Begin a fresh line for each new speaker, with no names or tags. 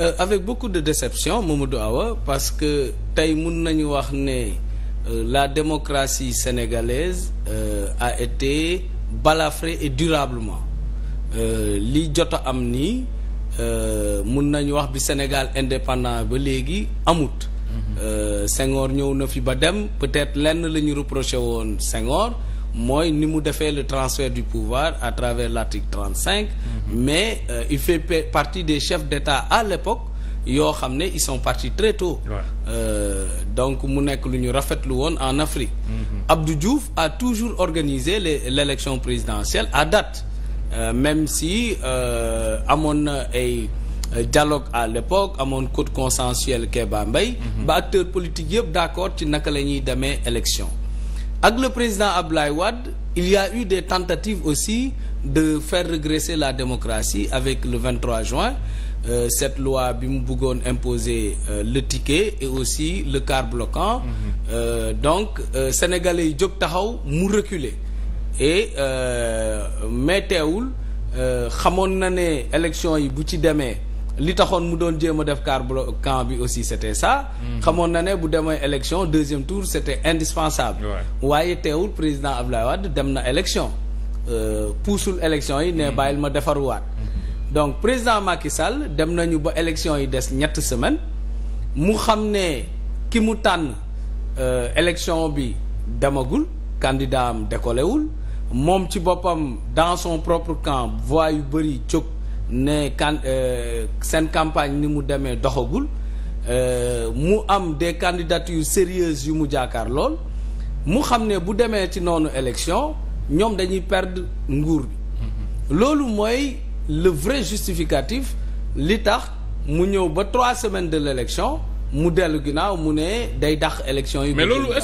Euh, avec beaucoup de déception Mamadou Awa parce que tey mun nañu wax ne euh, la démocratie sénégalaise euh, a été balafrée et durablement li jot a am nii mun nañu wax bi Sénégal indépendant ba léegi amut mhm. Senghor ñëw na fi ba dem peut-être lenn la ñu reproché woon sengor mooy ni mu defee le transfert du pouvoir à travers l'article 35 mhm. mais euh, il fait partie des chefs d'État à l'époque yoo xam ne ils sont partis très tôt euh, donc mu nekk lu ñu rafetlu woon en Afrique mm -hmm. Diouf a toujours organisé les l'élection présidentielle à date euh, même si amoon na ay dialogue à l'époque amoon code consensuel Kéba mbay mhm. ba acteur politique yëpp d'accord ci naka la ñuy demee élection ak le président Abdoulaye Wade il y a eu des tentatives aussi de faire régresser la démocratie avec le 23 juin euh, cette loi bi mu bëggoon imposer euh, le ticket et aussi le quart bloquant. Mhm. Euh, donc euh, sénégalais yi jóg taxaw mu reculer. et euh, mais xamoon na ne élection yi bu ci demee. li taxoon mu doon jéem a def car camp bi aussi c' était ça. Hmm. xamoon na ne bu demee élection deuxième tour c' était indispensable. waaye teewul président Abdoulaye Wade dem na élection euh, puusul élection yi ne hmm. bàyyil ma defaruwaat. Hmm. donc président Macky Sall dem nañu ba élection yi des ñett semaine mu xam ne ki mu tànn euh, élection bi demagul candidat am décollé wul moom ci boppam dans son propre camp voix yu bëri jóg. ne kan euh, seen campagne ni mu demee doxagul euh, mu am des candidatures sérieuses yu mu jaakaar lool mu xam ne bu demee ci noonu élection ñoom dañuy perd nguur bi mhm. loolu mooy le vrai justificatif li tax mu ñëw ba trois semaines de l' mu dellu ginnaaw mu ne day dax élection yi mais loolu